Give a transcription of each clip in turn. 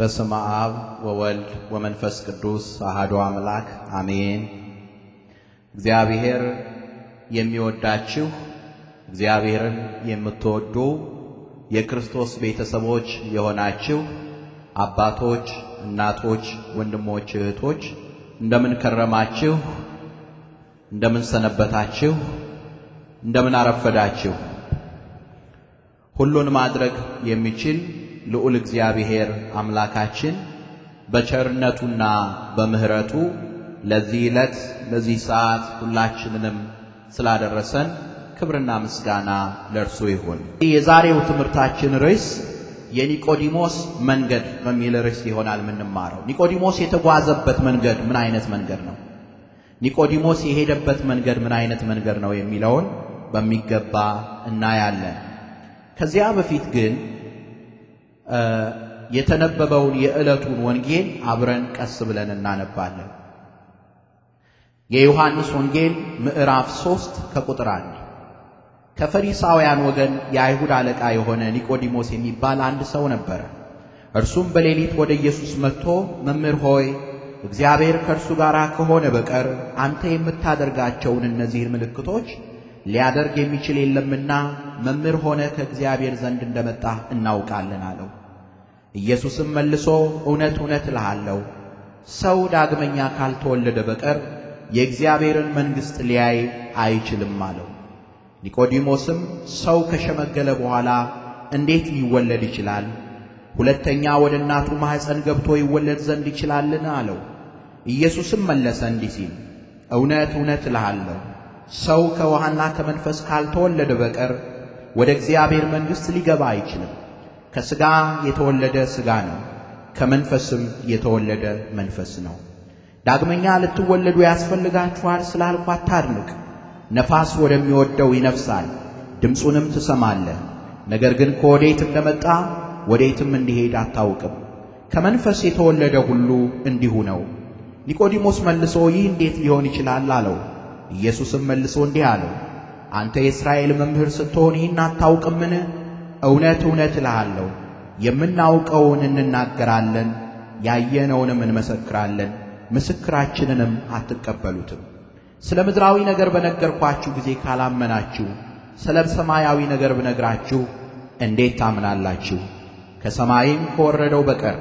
በስመ አብ ወወልድ ወመንፈስ ቅዱስ አሐዱ አምላክ አሜን። እግዚአብሔር የሚወዳችሁ እግዚአብሔርን የምትወዱ የክርስቶስ ቤተሰቦች የሆናችሁ አባቶች፣ እናቶች፣ ወንድሞች፣ እህቶች እንደምን ከረማችሁ? እንደምን ሰነበታችሁ? እንደምን አረፈዳችሁ? ሁሉን ማድረግ የሚችል ልዑል እግዚአብሔር አምላካችን በቸርነቱና በምሕረቱ ለዚህ ዕለት ለዚህ ሰዓት ሁላችንንም ስላደረሰን ክብርና ምስጋና ለእርሱ ይሁን። የዛሬው ትምህርታችን ርዕስ የኒቆዲሞስ መንገድ በሚል ርዕስ ይሆናል የምንማረው። ኒቆዲሞስ የተጓዘበት መንገድ ምን አይነት መንገድ ነው? ኒቆዲሞስ የሄደበት መንገድ ምን አይነት መንገድ ነው የሚለውን በሚገባ እናያለን። ከዚያ በፊት ግን የተነበበውን የዕለቱን ወንጌል አብረን ቀስ ብለን እናነባለን። የዮሐንስ ወንጌል ምዕራፍ ሦስት ከቁጥር አንድ ከፈሪሳውያን ወገን የአይሁድ አለቃ የሆነ ኒቆዲሞስ የሚባል አንድ ሰው ነበረ። እርሱም በሌሊት ወደ ኢየሱስ መጥቶ መምህር ሆይ እግዚአብሔር ከእርሱ ጋር ከሆነ በቀር አንተ የምታደርጋቸውን እነዚህን ምልክቶች ሊያደርግ የሚችል የለምና መምህር ሆነ ከእግዚአብሔር ዘንድ እንደመጣህ እናውቃለን አለው። ኢየሱስም መልሶ እውነት እውነት እልሃለሁ ሰው ዳግመኛ ካልተወለደ በቀር የእግዚአብሔርን መንግሥት ሊያይ አይችልም አለው። ኒቆዲሞስም ሰው ከሸመገለ በኋላ እንዴት ሊወለድ ይችላል? ሁለተኛ ወደ እናቱ ማኅፀን ገብቶ ይወለድ ዘንድ ይችላልን? አለው። ኢየሱስም መለሰ እንዲህ ሲል እውነት እውነት እልሃለሁ ሰው ከውሃና ከመንፈስ ካልተወለደ በቀር ወደ እግዚአብሔር መንግሥት ሊገባ አይችልም። ከሥጋ የተወለደ ሥጋ ነው፣ ከመንፈስም የተወለደ መንፈስ ነው። ዳግመኛ ልትወለዱ ያስፈልጋችኋል ስላልኩ አታድንቅ። ነፋስ ወደሚወደው ይነፍሳል፣ ድምፁንም ትሰማለህ፣ ነገር ግን ከወዴት እንደመጣ ወዴትም እንዲሄድ አታውቅም። ከመንፈስ የተወለደ ሁሉ እንዲሁ ነው። ኒቆዲሞስ መልሶ ይህ እንዴት ሊሆን ይችላል አለው። ኢየሱስም መልሶ እንዲህ አለው፣ አንተ የእስራኤል መምህር ስትሆን ይህን አታውቅምን? እውነት እውነት እልሃለሁ የምናውቀውን እንናገራለን፣ ያየነውንም እንመሰክራለን፣ ምስክራችንንም አትቀበሉትም። ስለ ምድራዊ ነገር በነገርኳችሁ ጊዜ ካላመናችሁ ስለ ሰማያዊ ነገር ብነግራችሁ እንዴት ታምናላችሁ? ከሰማይም ከወረደው በቀር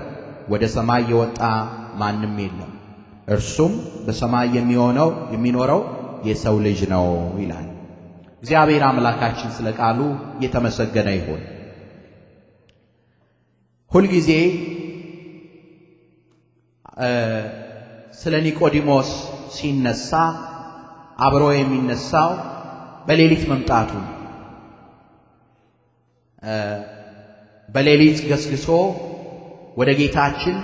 ወደ ሰማይ የወጣ ማንም የለም። እርሱም በሰማይ የሚሆነው የሚኖረው የሰው ልጅ ነው ይላል። እግዚአብሔር አምላካችን ስለ ቃሉ የተመሰገነ ይሁን። ሁልጊዜ ስለ ኒቆዲሞስ ሲነሳ አብሮ የሚነሳው በሌሊት መምጣቱ በሌሊት ገስግሶ ወደ ጌታችን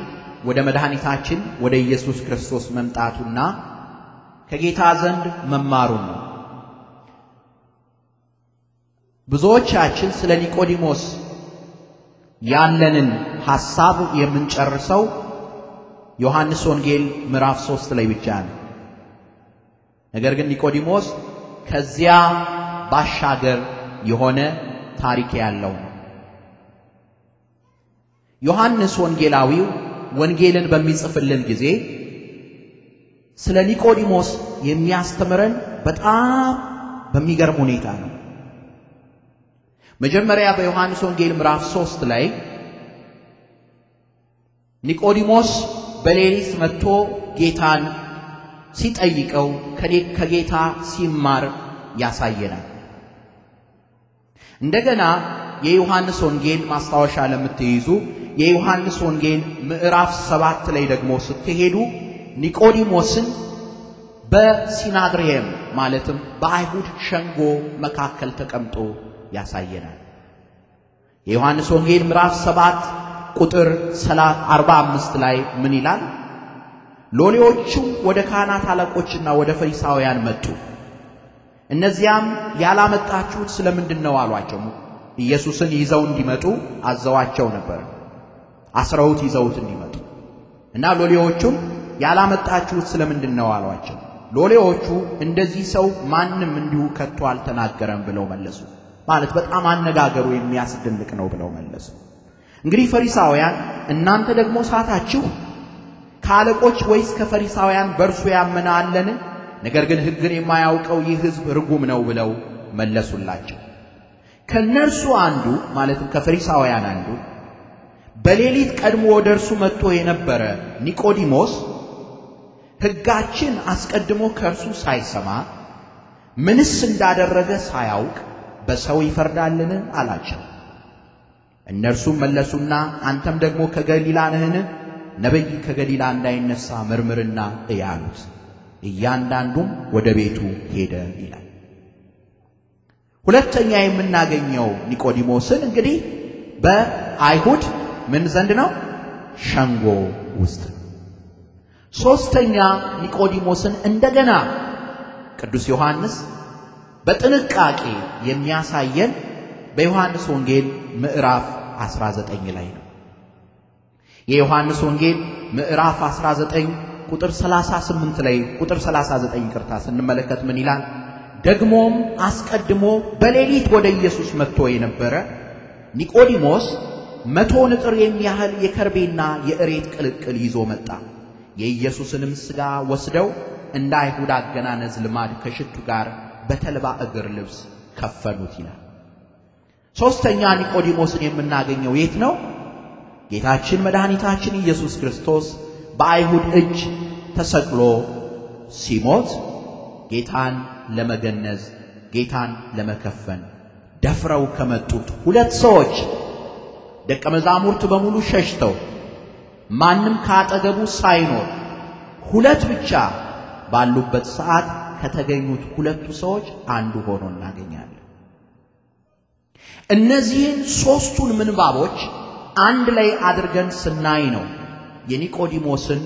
ወደ መድኃኒታችን ወደ ኢየሱስ ክርስቶስ መምጣቱና ከጌታ ዘንድ መማሩ ነው። ብዙዎቻችን ስለ ኒቆዲሞስ ያለንን ሐሳብ የምንጨርሰው ዮሐንስ ወንጌል ምዕራፍ ሶስት ላይ ብቻ ነው። ነገር ግን ኒቆዲሞስ ከዚያ ባሻገር የሆነ ታሪክ ያለው ነው። ዮሐንስ ወንጌላዊው ወንጌልን በሚጽፍልን ጊዜ ስለ ኒቆዲሞስ የሚያስተምረን በጣም በሚገርም ሁኔታ ነው። መጀመሪያ በዮሐንስ ወንጌል ምዕራፍ ሶስት ላይ ኒቆዲሞስ በሌሊት መጥቶ ጌታን ሲጠይቀው ከጌታ ሲማር ያሳየናል። እንደገና የዮሐንስ ወንጌል ማስታወሻ ለምትይዙ የዮሐንስ ወንጌል ምዕራፍ ሰባት ላይ ደግሞ ስትሄዱ ኒቆዲሞስን በሲናግሪየም ማለትም በአይሁድ ሸንጎ መካከል ተቀምጦ ያሳየናል። የዮሐንስ ወንጌል ምዕራፍ 7 ቁጥር 45 ላይ ምን ይላል? ሎሌዎቹም ወደ ካህናት አለቆችና ወደ ፈሪሳውያን መጡ። እነዚያም ያላመጣችሁት ስለምንድን ነው አሏቸው። ኢየሱስን ይዘው እንዲመጡ አዘዋቸው ነበር። አስረውት ይዘውት እንዲመጡ እና ሎሌዎቹም ያላመጣችሁት ስለምንድን ነው አሏቸው። ሎሌዎቹ እንደዚህ ሰው ማንም እንዲሁ ከቶ አልተናገረም ብለው መለሱ። ማለት በጣም አነጋገሩ የሚያስደንቅ ነው ብለው መለሱ። እንግዲህ ፈሪሳውያን እናንተ ደግሞ ሳታችሁ ከአለቆች ወይስ ከፈሪሳውያን በእርሱ ያመነ አለን? ነገር ግን ሕግን የማያውቀው ይህ ሕዝብ ርጉም ነው ብለው መለሱላቸው። ከእነርሱ አንዱ ማለትም ከፈሪሳውያን አንዱ በሌሊት ቀድሞ ወደ እርሱ መጥቶ የነበረ ኒቆዲሞስ ሕጋችን አስቀድሞ ከእርሱ ሳይሰማ ምንስ እንዳደረገ ሳያውቅ በሰው ይፈርዳልን አላቸው። እነርሱም መለሱና አንተም ደግሞ ከገሊላ ነህን? ነቢይ ከገሊላ እንዳይነሳ ምርምርና እያሉት እያንዳንዱም ወደ ቤቱ ሄደ ይላል። ሁለተኛ የምናገኘው ኒቆዲሞስን እንግዲህ በአይሁድ ምን ዘንድ ነው? ሸንጎ ውስጥ ነው። ሦስተኛ ኒቆዲሞስን እንደገና ቅዱስ ዮሐንስ በጥንቃቄ የሚያሳየን በዮሐንስ ወንጌል ምዕራፍ 19 ላይ ነው። የዮሐንስ ወንጌል ምዕራፍ 19 ቁጥር 38 ላይ ቁጥር 39 ቅርታ ስንመለከት ምን ይላል? ደግሞም አስቀድሞ በሌሊት ወደ ኢየሱስ መጥቶ የነበረ ኒቆዲሞስ መቶ ንጥር የሚያህል የከርቤና የእሬት ቅልቅል ይዞ መጣ። የኢየሱስንም ሥጋ ወስደው እንደ አይሁድ አገናነዝ ልማድ ከሽቱ ጋር በተልባ እግር ልብስ ከፈኑት ይላል። ሶስተኛ ኒቆዲሞስን የምናገኘው የት ነው? ጌታችን መድኃኒታችን ኢየሱስ ክርስቶስ በአይሁድ እጅ ተሰቅሎ ሲሞት ጌታን ለመገነዝ ጌታን ለመከፈን ደፍረው ከመጡት ሁለት ሰዎች ደቀ መዛሙርት በሙሉ ሸሽተው ማንም ከአጠገቡ ሳይኖር ሁለት ብቻ ባሉበት ሰዓት ከተገኙት ሁለቱ ሰዎች አንዱ ሆኖ እናገኛለን። እነዚህን ሦስቱን ምንባቦች አንድ ላይ አድርገን ስናይ ነው የኒቆዲሞስን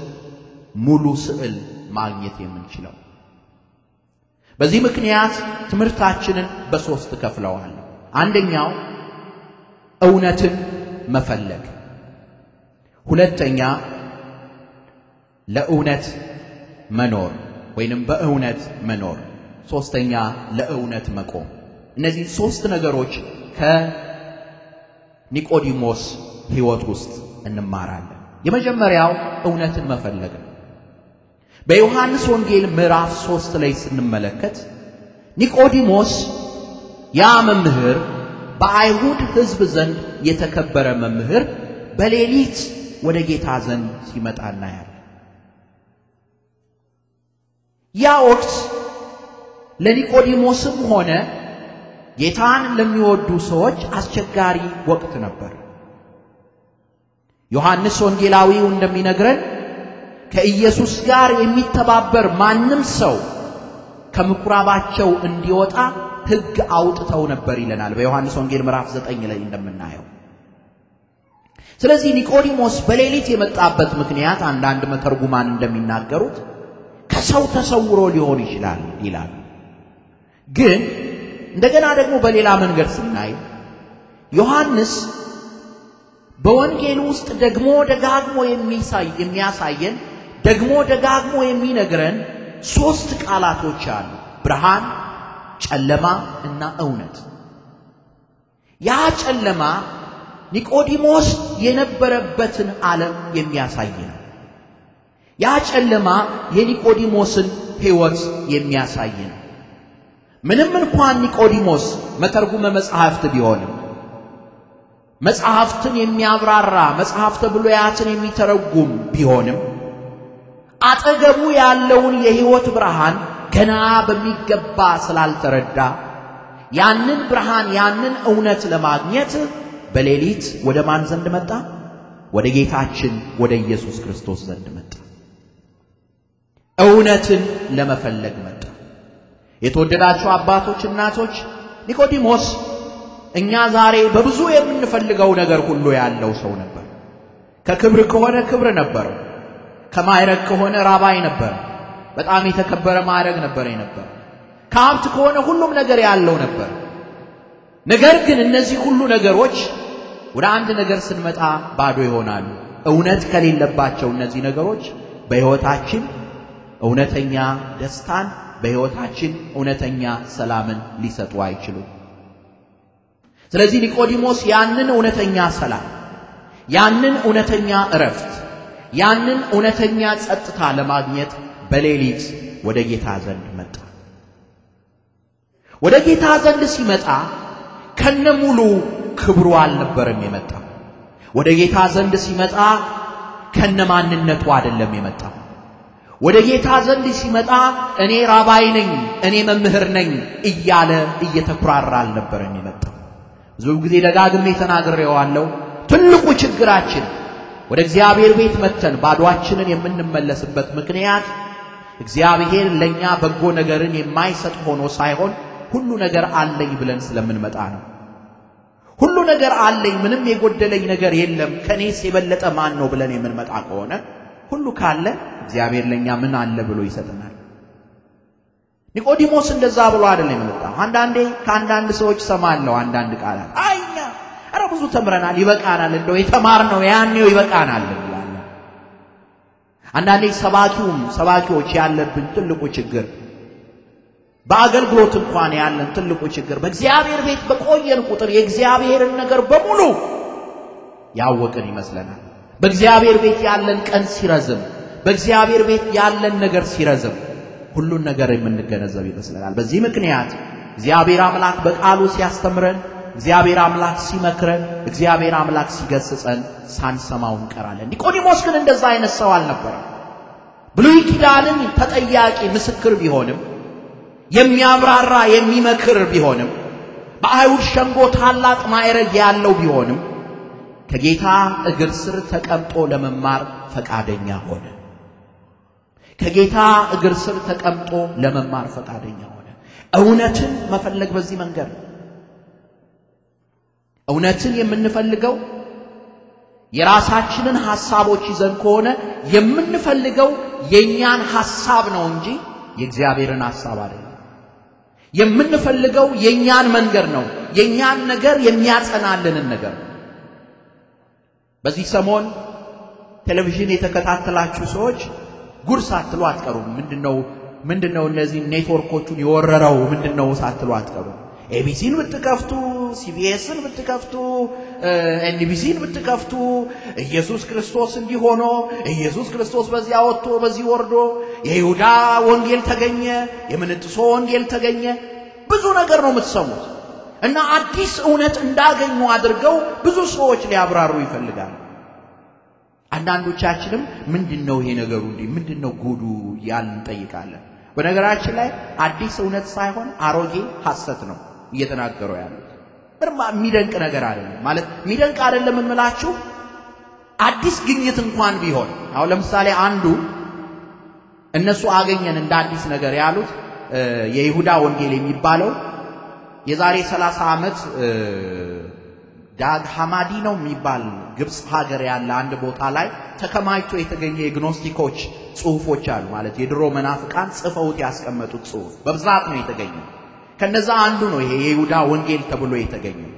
ሙሉ ስዕል ማግኘት የምንችለው። በዚህ ምክንያት ትምህርታችንን በሦስት ከፍለዋል። አንደኛው እውነትን መፈለግ፣ ሁለተኛ ለእውነት መኖር ወይንም በእውነት መኖር፣ ሶስተኛ ለእውነት መቆም። እነዚህ ሶስት ነገሮች ከኒቆዲሞስ ሕይወት ውስጥ እንማራለን። የመጀመሪያው እውነትን መፈለግ ነው። በዮሐንስ ወንጌል ምዕራፍ ሶስት ላይ ስንመለከት ኒቆዲሞስ ያ መምህር በአይሁድ ሕዝብ ዘንድ የተከበረ መምህር በሌሊት ወደ ጌታ ዘንድ ሲመጣ እናያለን። ያ ኦርስ ለኒቆዲሞስም ሆነ ጌታን ለሚወዱ ሰዎች አስቸጋሪ ወቅት ነበር። ዮሐንስ ወንጌላዊው እንደሚነግረን ከኢየሱስ ጋር የሚተባበር ማንም ሰው ከምኩራባቸው እንዲወጣ ሕግ አውጥተው ነበር ይለናል በዮሐንስ ወንጌል ምዕራፍ ዘጠኝ ላይ እንደምናየው። ስለዚህ ኒቆዲሞስ በሌሊት የመጣበት ምክንያት አንዳንድ መተርጉማን እንደሚናገሩት ከሰው ተሰውሮ ሊሆን ይችላል ይላል። ግን እንደገና ደግሞ በሌላ መንገድ ስናይ ዮሐንስ በወንጌል ውስጥ ደግሞ ደጋግሞ የሚያሳየን ደግሞ ደጋግሞ የሚነግረን ሶስት ቃላቶች አሉ። ብርሃን፣ ጨለማ እና እውነት። ያ ጨለማ ኒቆዲሞስ የነበረበትን ዓለም የሚያሳይ ነው። ያ ጨለማ የኒቆዲሞስን ሕይወት የሚያሳይ ነው። ምንም እንኳን ኒቆዲሞስ መተርጉመ መጽሐፍት ቢሆንም መጽሐፍትን የሚያብራራ መጽሐፍተ ብሉያትን የሚተረጉም ቢሆንም አጠገቡ ያለውን የሕይወት ብርሃን ገና በሚገባ ስላልተረዳ ያንን ብርሃን ያንን እውነት ለማግኘት በሌሊት ወደ ማን ዘንድ መጣ? ወደ ጌታችን ወደ ኢየሱስ ክርስቶስ ዘንድ መጣ። እውነትን ለመፈለግ መጣ። የተወደዳችሁ አባቶች፣ እናቶች ኒቆዲሞስ እኛ ዛሬ በብዙ የምንፈልገው ነገር ሁሉ ያለው ሰው ነበር። ከክብር ከሆነ ክብር ነበረው፣ ከማይረግ ከሆነ ራባይ ነበር። በጣም የተከበረ ማዕረግ ነበር የነበረ። ከሀብት ከሆነ ሁሉም ነገር ያለው ነበር። ነገር ግን እነዚህ ሁሉ ነገሮች ወደ አንድ ነገር ስንመጣ ባዶ ይሆናሉ። እውነት ከሌለባቸው እነዚህ ነገሮች በሕይወታችን እውነተኛ ደስታን በሕይወታችን እውነተኛ ሰላምን ሊሰጡ አይችሉም። ስለዚህ ኒቆዲሞስ ያንን እውነተኛ ሰላም፣ ያንን እውነተኛ እረፍት፣ ያንን እውነተኛ ጸጥታ ለማግኘት በሌሊት ወደ ጌታ ዘንድ መጣ። ወደ ጌታ ዘንድ ሲመጣ ከነ ሙሉ ክብሩ አልነበረም የመጣው። ወደ ጌታ ዘንድ ሲመጣ ከነ ማንነቱ አይደለም የመጣው። ወደ ጌታ ዘንድ ሲመጣ እኔ ራባይ ነኝ፣ እኔ መምህር ነኝ እያለ እየተኩራራ አልነበረ የሚመጣው። ብዙ ጊዜ ደጋግሜ ተናግሬዋለሁ። ትልቁ ችግራችን ወደ እግዚአብሔር ቤት መተን ባዷችንን የምንመለስበት ምክንያት እግዚአብሔር ለኛ በጎ ነገርን የማይሰጥ ሆኖ ሳይሆን ሁሉ ነገር አለኝ ብለን ስለምንመጣ ነው። ሁሉ ነገር አለኝ፣ ምንም የጎደለኝ ነገር የለም፣ ከኔስ የበለጠ ማን ነው ብለን የምንመጣ ከሆነ ሁሉ ካለ እግዚአብሔር ለኛ ምን አለ ብሎ ይሰጠናል። ኒቆዲሞስ እንደዛ ብሎ አይደለም የመጣው። አንዳንዴ ከአንዳንድ ሰዎች ሰማለሁ አንዳንድ ቃላት አይኛ ኧረ ብዙ ተምረናል ይበቃናል፣ እንደው የተማርነው ያኔው ይበቃናል እንላለን። አንዳንዴ ሰባኪውም ሰባኪዎች ያለብን ትልቁ ችግር በአገልግሎት እንኳን ያለን ትልቁ ችግር በእግዚአብሔር ቤት በቆየን ቁጥር የእግዚአብሔርን ነገር በሙሉ ያወቅን ይመስለናል። በእግዚአብሔር ቤት ያለን ቀን ሲረዝም፣ በእግዚአብሔር ቤት ያለን ነገር ሲረዝም ሁሉን ነገር የምንገነዘብ ይመስለናል። በዚህ ምክንያት እግዚአብሔር አምላክ በቃሉ ሲያስተምረን፣ እግዚአብሔር አምላክ ሲመክረን፣ እግዚአብሔር አምላክ ሲገስጸን ሳንሰማው እንቀራለን። ኒቆዲሞስ ግን እንደዛ አይነት ሰው አልነበረም። ብሉይ ኪዳንን ተጠያቂ ምስክር ቢሆንም የሚያብራራ የሚመክር ቢሆንም በአይሁድ ሸንጎ ታላቅ ማዕረግ ያለው ቢሆንም ከጌታ እግር ስር ተቀምጦ ለመማር ፈቃደኛ ሆነ። ከጌታ እግር ስር ተቀምጦ ለመማር ፈቃደኛ ሆነ። እውነትን መፈለግ በዚህ መንገድ ነው። እውነትን የምንፈልገው የራሳችንን ሐሳቦች ይዘን ከሆነ የምንፈልገው የእኛን ሐሳብ ነው እንጂ የእግዚአብሔርን ሐሳብ አይደለም። የምንፈልገው የእኛን መንገድ ነው፣ የእኛን ነገር የሚያጸናልንን ነገር ነው። በዚህ ሰሞን ቴሌቪዥን የተከታተላችሁ ሰዎች ጉድ ሳትሉ አትቀሩም። ምንድነው ምንድነው እነዚህ ኔትወርኮቹን የወረረው ምንድነው ሳትሉ አትቀሩም። ኤቢሲን ብትከፍቱ፣ ሲቢኤስን ብትከፍቱ፣ ኤንቢሲን ብትከፍቱ ኢየሱስ ክርስቶስ እንዲህ ሆኖ ኢየሱስ ክርስቶስ በዚያ ወጥቶ በዚህ ወርዶ የይሁዳ ወንጌል ተገኘ፣ የምንጥሶ ወንጌል ተገኘ፣ ብዙ ነገር ነው የምትሰሙት። እና አዲስ እውነት እንዳገኙ አድርገው ብዙ ሰዎች ሊያብራሩ ይፈልጋሉ። አንዳንዶቻችንም ምንድን ነው ይሄ ነገሩ እንዲህ ምንድን ነው ጉዱ እያልን እንጠይቃለን። በነገራችን ላይ አዲስ እውነት ሳይሆን አሮጌ ሐሰት ነው እየተናገሩ ያሉት። የሚደንቅ ነገር አይደለም ማለት የሚደንቅ አይደለም የምላችሁ አዲስ ግኝት እንኳን ቢሆን አሁን ለምሳሌ አንዱ እነሱ አገኘን እንደ አዲስ ነገር ያሉት የይሁዳ ወንጌል የሚባለው የዛሬ 30 ዓመት ዳግ ሐማዲ ነው የሚባል ግብፅ ሀገር ያለ አንድ ቦታ ላይ ተከማችቶ የተገኘ የግኖስቲኮች ጽሁፎች አሉ። ማለት የድሮ መናፍቃን ጽፈውት ያስቀመጡት ጽሁፍ በብዛት ነው የተገኘው። ከነዛ አንዱ ነው ይሄ የይሁዳ ወንጌል ተብሎ የተገኘው።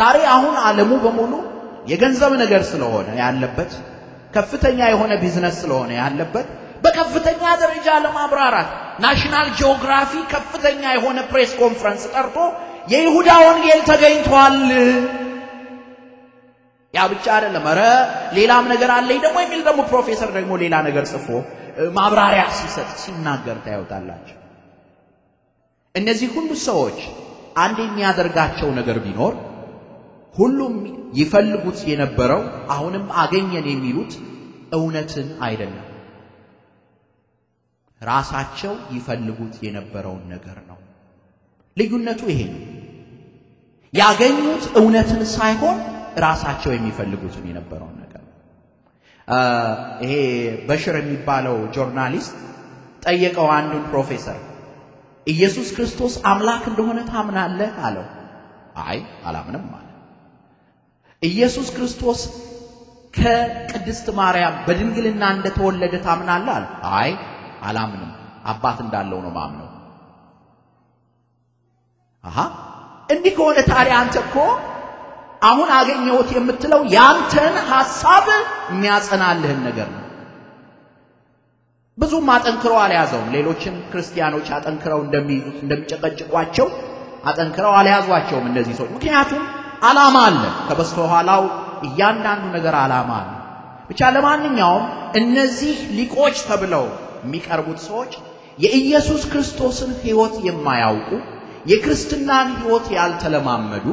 ዛሬ አሁን ዓለሙ በሙሉ የገንዘብ ነገር ስለሆነ ያለበት ከፍተኛ የሆነ ቢዝነስ ስለሆነ ያለበት በከፍተኛ ደረጃ ለማብራራት ናሽናል ጂኦግራፊ ከፍተኛ የሆነ ፕሬስ ኮንፈረንስ ጠርቶ የይሁዳ ወንጌል ተገኝቷል። ያ ብቻ አይደለም፣ ኧረ ሌላም ነገር አለኝ ደግሞ የሚል ደግሞ ፕሮፌሰር ደግሞ ሌላ ነገር ጽፎ ማብራሪያ ሲሰጥ ሲናገር ታያውታላችሁ። እነዚህ ሁሉ ሰዎች አንድ የሚያደርጋቸው ነገር ቢኖር ሁሉም ይፈልጉት የነበረው አሁንም አገኘን የሚሉት እውነትን አይደለም ራሳቸው ይፈልጉት የነበረውን ነገር ነው። ልዩነቱ ይሄ ነው። ያገኙት እውነትን ሳይሆን ራሳቸው የሚፈልጉትን የነበረውን ነገር ይሄ በሽር የሚባለው ጆርናሊስት ጠየቀው አንዱን ፕሮፌሰር ኢየሱስ ክርስቶስ አምላክ እንደሆነ ታምናለህ አለው። አይ አላምንም አለ። ኢየሱስ ክርስቶስ ከቅድስት ማርያም በድንግልና እንደተወለደ ታምናለህ አለ። አይ አላምንም። አባት እንዳለው ነው ማምነው። አሀ እንዲህ ከሆነ ታዲያ አንተ እኮ አሁን አገኘሁት የምትለው ያንተን ሐሳብ የሚያጸናልህን ነገር ነው። ብዙም አጠንክረው አልያዘውም። ሌሎችን ክርስቲያኖች አጠንክረው እንደሚይዙት እንደሚጨቀጭቋቸው አጠንክረው አልያዟቸውም እነዚህ ሰዎች። ምክንያቱም ዓላማ አለ፣ ከበስተኋላው እያንዳንዱ ነገር ዓላማ አለ። ብቻ ለማንኛውም እነዚህ ሊቆች ተብለው የሚቀርቡት ሰዎች የኢየሱስ ክርስቶስን ሕይወት የማያውቁ የክርስትናን ሕይወት ያልተለማመዱ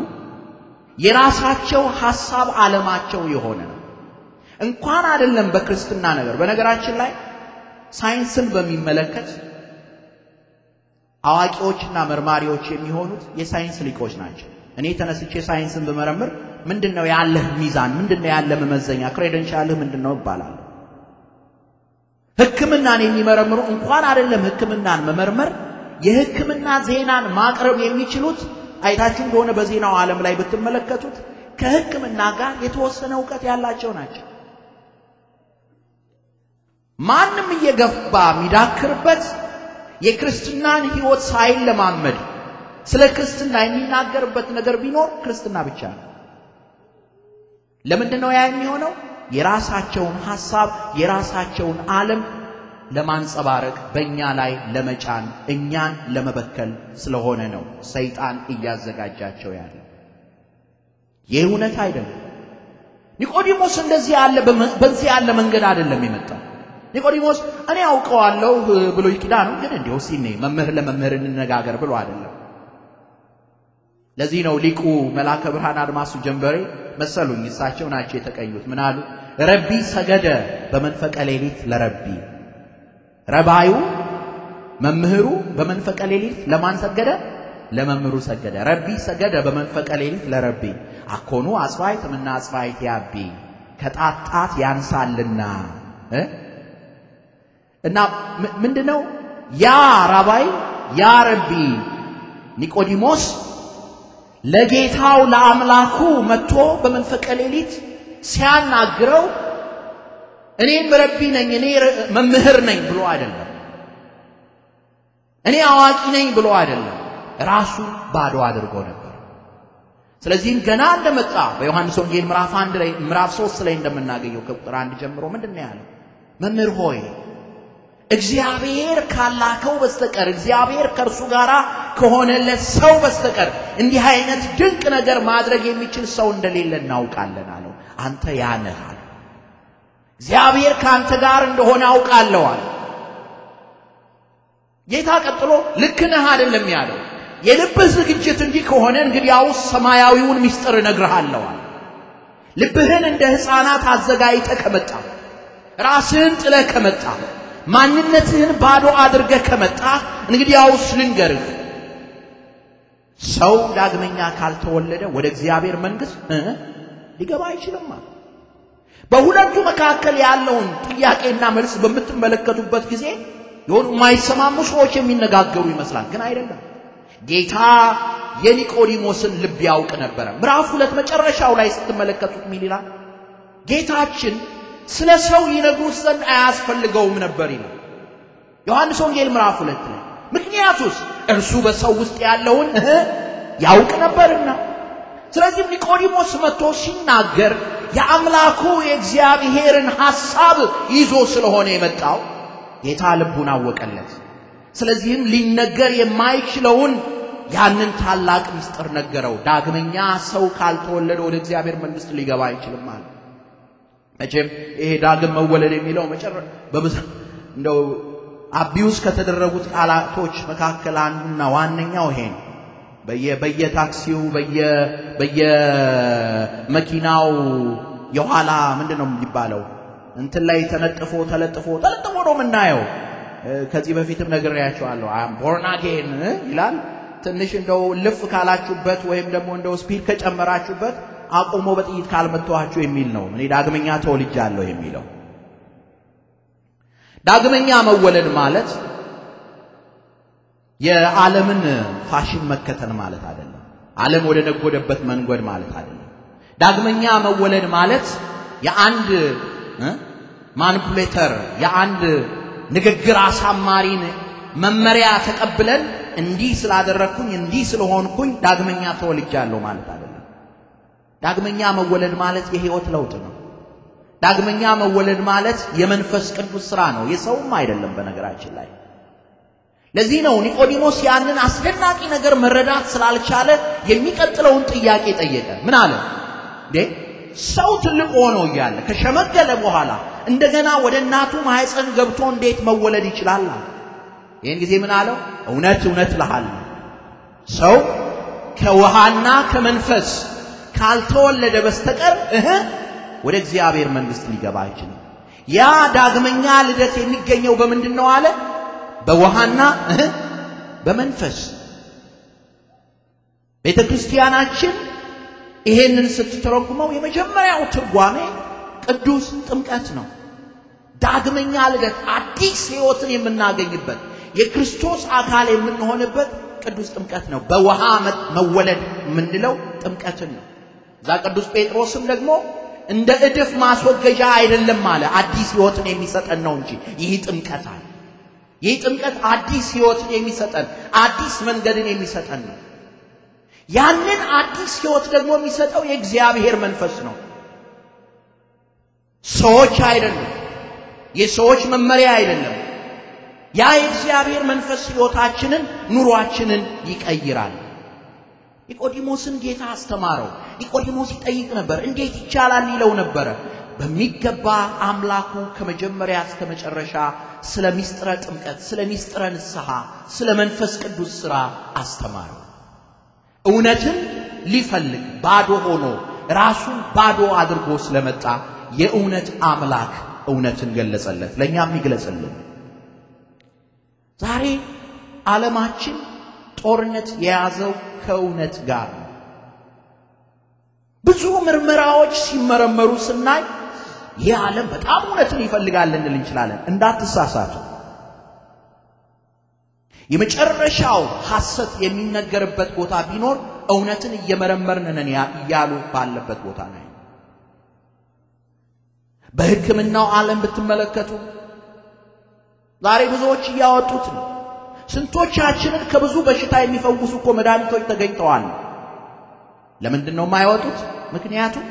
የራሳቸው ሐሳብ ዓለማቸው የሆነ ነው። እንኳን አይደለም በክርስትና ነገር። በነገራችን ላይ ሳይንስን በሚመለከት አዋቂዎችና መርማሪዎች የሚሆኑት የሳይንስ ሊቆች ናቸው። እኔ ተነስቼ ሳይንስን ብመረምር ምንድነው ያለህ ሚዛን፣ ምንድነው ያለ መመዘኛ፣ ክሬደንሻልህ ምንድነው ይባላል። ህክምናን የሚመረምሩ እንኳን አይደለም ህክምናን መመርመር የህክምና ዜናን ማቅረብ የሚችሉት አይታችሁ እንደሆነ በዜናው ዓለም ላይ ብትመለከቱት ከህክምና ጋር የተወሰነ እውቀት ያላቸው ናቸው። ማንም እየገፋ የሚዳክርበት የክርስትናን ህይወት ሳይለማመድ ስለ ክርስትና የሚናገርበት ነገር ቢኖር ክርስትና ብቻ ነው። ለምንድን ነው ያ የሚሆነው? የራሳቸውን ሐሳብ የራሳቸውን ዓለም ለማንጸባረቅ በእኛ ላይ ለመጫን እኛን ለመበከል ስለሆነ ነው ሰይጣን እያዘጋጃቸው ያለ። ይህ እውነት አይደለም። ኒቆዲሞስ እንደዚህ ያለ በዚህ ያለ መንገድ አይደለም የመጣው። ኒቆዲሞስ እኔ አውቀዋለሁ ብሎ ይቅዳ ነው ግን እንዲሁ ሲኔ መምህር ለመምህር እንነጋገር ብሎ አይደለም። ለዚህ ነው ሊቁ መልአከ ብርሃን አድማሱ ጀንበሬ መሰሉኝ እሳቸው ናቸው የተቀኙት አሉ ረቢ ሰገደ በመንፈቀ ሌሊት ለረቢ ረባዩ መምህሩ በመንፈቀ ሌሊት ለማን ሰገደ? ለመምህሩ ሰገደ። ረቢ ሰገደ በመንፈቀ ሌሊት ለረቢ አኮኑ አጽዋዕት ምና አጽዋዕት ያቢ ከጣጣት ያንሳልና እና ምንድነው ያ ራባይ ያ ረቢ ኒቆዲሞስ ለጌታው ለአምላኩ መጥቶ በመንፈቀ ሌሊት ሲያናግረው እኔም ረቢ ነኝ እኔ መምህር ነኝ ብሎ አይደለም፣ እኔ አዋቂ ነኝ ብሎ አይደለም። ራሱ ባዶ አድርጎ ነበር። ስለዚህም ገና እንደመጣ በዮሐንስ ወንጌል ምዕራፍ 1 ላይ ምዕራፍ 3 ላይ እንደምናገኘው ከቁጥር 1 ጀምሮ ምንድነው ያለው? መምህር ሆይ እግዚአብሔር ካላከው በስተቀር እግዚአብሔር ከእርሱ ጋር ከሆነለት ሰው በስተቀር እንዲህ አይነት ድንቅ ነገር ማድረግ የሚችል ሰው እንደሌለ እናውቃለን አለው። አንተ ያነሃል። እግዚአብሔር ከአንተ ጋር እንደሆነ አውቃለዋል። ጌታ ቀጥሎ ልክ ነህ አይደለም ያለው። የልብህ ዝግጅት እንዲህ ከሆነ እንግዲያውስ ሰማያዊውን ምስጢር እነግርሃለዋል። ልብህን እንደ ሕፃናት አዘጋጅተህ ከመጣ ራስህን ጥለህ ከመጣ ማንነትህን ባዶ አድርገህ ከመጣ እንግዲያውስ ልንገርህ ሰው ዳግመኛ ካልተወለደ ወደ እግዚአብሔር መንግሥት ሊገባ አይችልም። በሁለቱ መካከል ያለውን ጥያቄና መልስ በምትመለከቱበት ጊዜ የሆኑ የማይሰማሙ ሰዎች የሚነጋገሩ ይመስላል፣ ግን አይደለም። ጌታ የኒቆዲሞስን ልብ ያውቅ ነበረ። ምዕራፍ ሁለት መጨረሻው ላይ ስትመለከቱት ምን ይላል? ጌታችን ስለ ሰው ይነግሩት ዘንድ አያስፈልገውም ነበር ይላል ዮሐንስ ወንጌል ምዕራፍ ሁለት ላይ ምክንያቱስ እርሱ በሰው ውስጥ ያለውን ያውቅ ነበርና ስለዚህም ኒቆዲሞስ መጥቶ ሲናገር የአምላኩ የእግዚአብሔርን ሐሳብ ይዞ ስለሆነ የመጣው ጌታ ልቡን አወቀለት። ስለዚህም ሊነገር የማይችለውን ያንን ታላቅ ምስጢር ነገረው። ዳግመኛ ሰው ካልተወለደ ወደ እግዚአብሔር መንግሥት ሊገባ አይችልም አለ። መቼም ይሄ ዳግም መወለድ የሚለው መጨረ እንደው አቢውስ ከተደረጉት ቃላቶች መካከል አንዱና ዋነኛው ይሄ ነው። በየታክሲው በየመኪናው የኋላ ምንድን ነው የሚባለው እንትን ላይ ተነጥፎ ተለጥፎ ተለጥፎ ነው የምናየው። ከዚህ በፊትም ነግሬያቸዋለሁ። አም ይላል። ትንሽ እንደው ልፍ ካላችሁበት ወይም ደግሞ እንደው ስፒድ ከጨመራችሁበት አቁሞ በጥይት ካልመታኋችሁ የሚል ነው። እኔ ዳግመኛ ተወልጃለሁ የሚለው ዳግመኛ መወለድ ማለት የዓለምን ፋሽን መከተል ማለት አይደለም። ዓለም ወደ ነጎደበት መንጎድ ማለት አይደለም። ዳግመኛ መወለድ ማለት የአንድ ማኒፑሌተር የአንድ ንግግር አሳማሪን መመሪያ ተቀብለን እንዲህ ስላደረግኩኝ እንዲህ ስለሆንኩኝ ዳግመኛ ተወልጃለሁ ማለት አይደለም። ዳግመኛ መወለድ ማለት የህይወት ለውጥ ነው። ዳግመኛ መወለድ ማለት የመንፈስ ቅዱስ ስራ ነው፣ የሰውም አይደለም በነገራችን ላይ ለዚህ ነው ኒቆዲሞስ ያንን አስደናቂ ነገር መረዳት ስላልቻለ የሚቀጥለውን ጥያቄ ጠየቀ። ምን አለ እንዴ? ሰው ትልቅ ሆኖ እያለ ከሸመገለ በኋላ እንደገና ወደ እናቱ ማህፀን ገብቶ እንዴት መወለድ ይችላል? ይህን ጊዜ ምን አለው? እውነት እውነት እልሃለሁ ሰው ከውሃና ከመንፈስ ካልተወለደ በስተቀር እህ ወደ እግዚአብሔር መንግሥት ሊገባ አይችልም። ያ ዳግመኛ ልደት የሚገኘው በምንድን ነው አለ በውሃና በመንፈስ ቤተ ክርስቲያናችን ይሄንን ስትተረጉመው የመጀመሪያው ትርጓሜ ቅዱስ ጥምቀት ነው። ዳግመኛ ልደት፣ አዲስ ሕይወትን የምናገኝበት የክርስቶስ አካል የምንሆንበት ቅዱስ ጥምቀት ነው። በውሃ መወለድ የምንለው ጥምቀትን ነው። እዛ ቅዱስ ጴጥሮስም ደግሞ እንደ እድፍ ማስወገጃ አይደለም አለ፣ አዲስ ሕይወትን የሚሰጠን ነው እንጂ ይህ ጥምቀት አለ። ይህ ጥምቀት አዲስ ህይወት የሚሰጠን አዲስ መንገድን የሚሰጠን ነው። ያንን አዲስ ህይወት ደግሞ የሚሰጠው የእግዚአብሔር መንፈስ ነው፣ ሰዎች አይደለም፣ የሰዎች መመሪያ አይደለም። ያ የእግዚአብሔር መንፈስ ህይወታችንን፣ ኑሯችንን ይቀይራል። ኒቆዲሞስን ጌታ አስተማረው። ኒቆዲሞስ ይጠይቅ ነበር፣ እንዴት ይቻላል ይለው ነበረ። በሚገባ አምላኩ ከመጀመሪያ እስከ መጨረሻ ስለ ሚስጥረ ጥምቀት፣ ስለ ሚስጥረ ንስሐ፣ ስለ መንፈስ ቅዱስ ሥራ አስተማሩ። እውነትን ሊፈልግ ባዶ ሆኖ ራሱን ባዶ አድርጎ ስለመጣ የእውነት አምላክ እውነትን ገለጸለት፣ ለእኛም ይግለጽልን። ዛሬ ዓለማችን ጦርነት የያዘው ከእውነት ጋር ነው። ብዙ ምርመራዎች ሲመረመሩ ስናይ ይህ ዓለም በጣም እውነትን ይፈልጋል ልንል እንችላለን። እንዳትሳሳቱ። የመጨረሻው ሐሰት የሚነገርበት ቦታ ቢኖር እውነትን እየመረመርን ነን እያሉ ባለበት ቦታ ላይ በሕክምናው ዓለም ብትመለከቱ ዛሬ ብዙዎች እያወጡት ነው። ስንቶቻችንን ከብዙ በሽታ የሚፈውሱ እኮ መድኃኒቶች ተገኝተዋል። ለምንድን ነው የማይወጡት? ምክንያቱም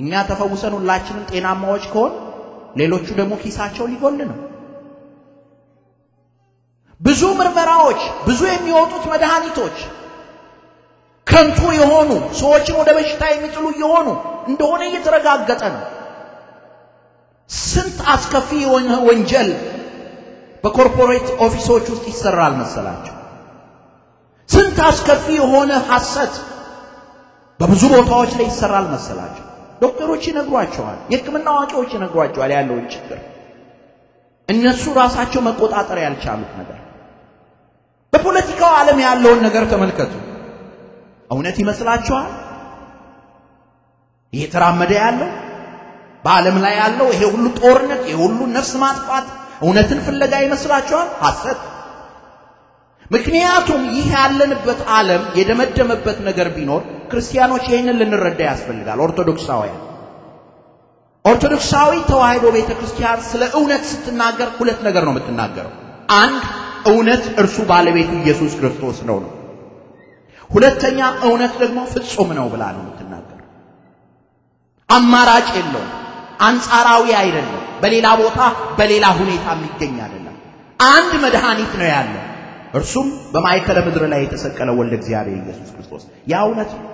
እኛ ተፈውሰን ሁላችንም ጤናማዎች ከሆን ሌሎቹ ደግሞ ኪሳቸው ሊጎል ነው። ብዙ ምርመራዎች፣ ብዙ የሚወጡት መድኃኒቶች ከንቱ የሆኑ ሰዎችን ወደ በሽታ የሚጥሉ እየሆኑ እንደሆነ እየተረጋገጠ ነው። ስንት አስከፊ የሆነ ወንጀል በኮርፖሬት ኦፊሶች ውስጥ ይሰራል መሰላቸው። ስንት አስከፊ የሆነ ሐሰት በብዙ ቦታዎች ላይ ይሰራል መሰላቸው። ዶክተሮች ይነግሯቸዋል፣ የህክምና አዋቂዎች ይነግሯቸዋል ያለውን ችግር እነሱ ራሳቸው መቆጣጠር ያልቻሉት ነገር። በፖለቲካው ዓለም ያለውን ነገር ተመልከቱ። እውነት ይመስላችኋል እየተራመደ ያለው በዓለም ላይ ያለው ይሄ ሁሉ ጦርነት፣ ይሄ ሁሉ ነፍስ ማጥፋት እውነትን ፍለጋ ይመስላችኋል? ሐሰት ምክንያቱም ይህ ያለንበት ዓለም የደመደመበት ነገር ቢኖር ክርስቲያኖች ይህንን ልንረዳ ያስፈልጋል። ኦርቶዶክሳውያን ኦርቶዶክሳዊ ተዋህዶ ቤተ ክርስቲያን ስለ እውነት ስትናገር ሁለት ነገር ነው የምትናገረው። አንድ እውነት እርሱ ባለቤቱ ኢየሱስ ክርስቶስ ነው ነው። ሁለተኛ እውነት ደግሞ ፍጹም ነው ብላ ነው የምትናገር። አማራጭ የለውም። አንጻራዊ አይደለም። በሌላ ቦታ በሌላ ሁኔታ የሚገኝ አይደለም። አንድ መድኃኒት ነው ያለው እርሱም በማይከለ ምድር ላይ የተሰቀለ ወልደ እግዚአብሔር ኢየሱስ ክርስቶስ ያ እውነት ነው።